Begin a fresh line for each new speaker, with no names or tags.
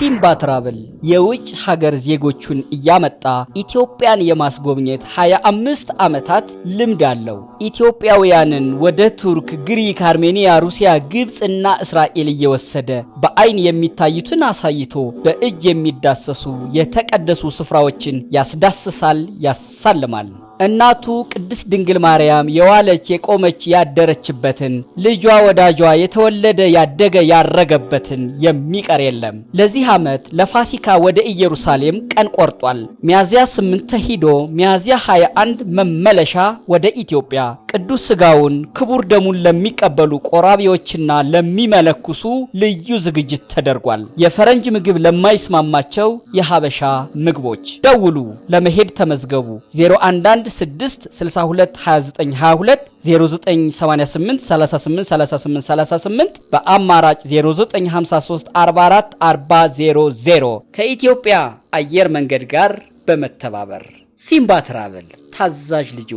ሲምባ ትራቭል የውጭ ሀገር ዜጎቹን እያመጣ ኢትዮጵያን የማስጎብኘት 25 ዓመታት ልምድ አለው። ኢትዮጵያውያንን ወደ ቱርክ፣ ግሪክ፣ አርሜኒያ፣ ሩሲያ፣ እና እስራኤል እየወሰደ በአይን የሚታዩትን አሳይቶ በእጅ የሚዳሰሱ የተቀደሱ ስፍራዎችን ያስዳስሳል፣ ያሳልማል። እናቱ ቅድስት ድንግል ማርያም የዋለች የቆመች ያደረችበትን ልጇ ወዳጇ የተወለደ ያደገ ያረገበትን የሚቀር የለም። ለዚህ ዓመት ለፋሲካ ወደ ኢየሩሳሌም ቀን ቆርጧል። ሚያዝያ 8 ተሂዶ ሚያዝያ 21 መመለሻ ወደ ኢትዮጵያ ቅዱስ ሥጋውን ክቡር ደሙን ለሚቀበሉ ቆራቢዎችና ለሚመለኩሱ ልዩ ዝግጅት ተደርጓል። የፈረንጅ ምግብ ለማይስማማቸው የሀበሻ ምግቦች ደውሉ፣ ለመሄድ ተመዝገቡ 011 6 62 29 22 38 38 38 በአማራጭ 0953 44 ከኢትዮጵያ አየር መንገድ ጋር በመተባበር ሲምባ ትራቨል ታዛዥ ልጅ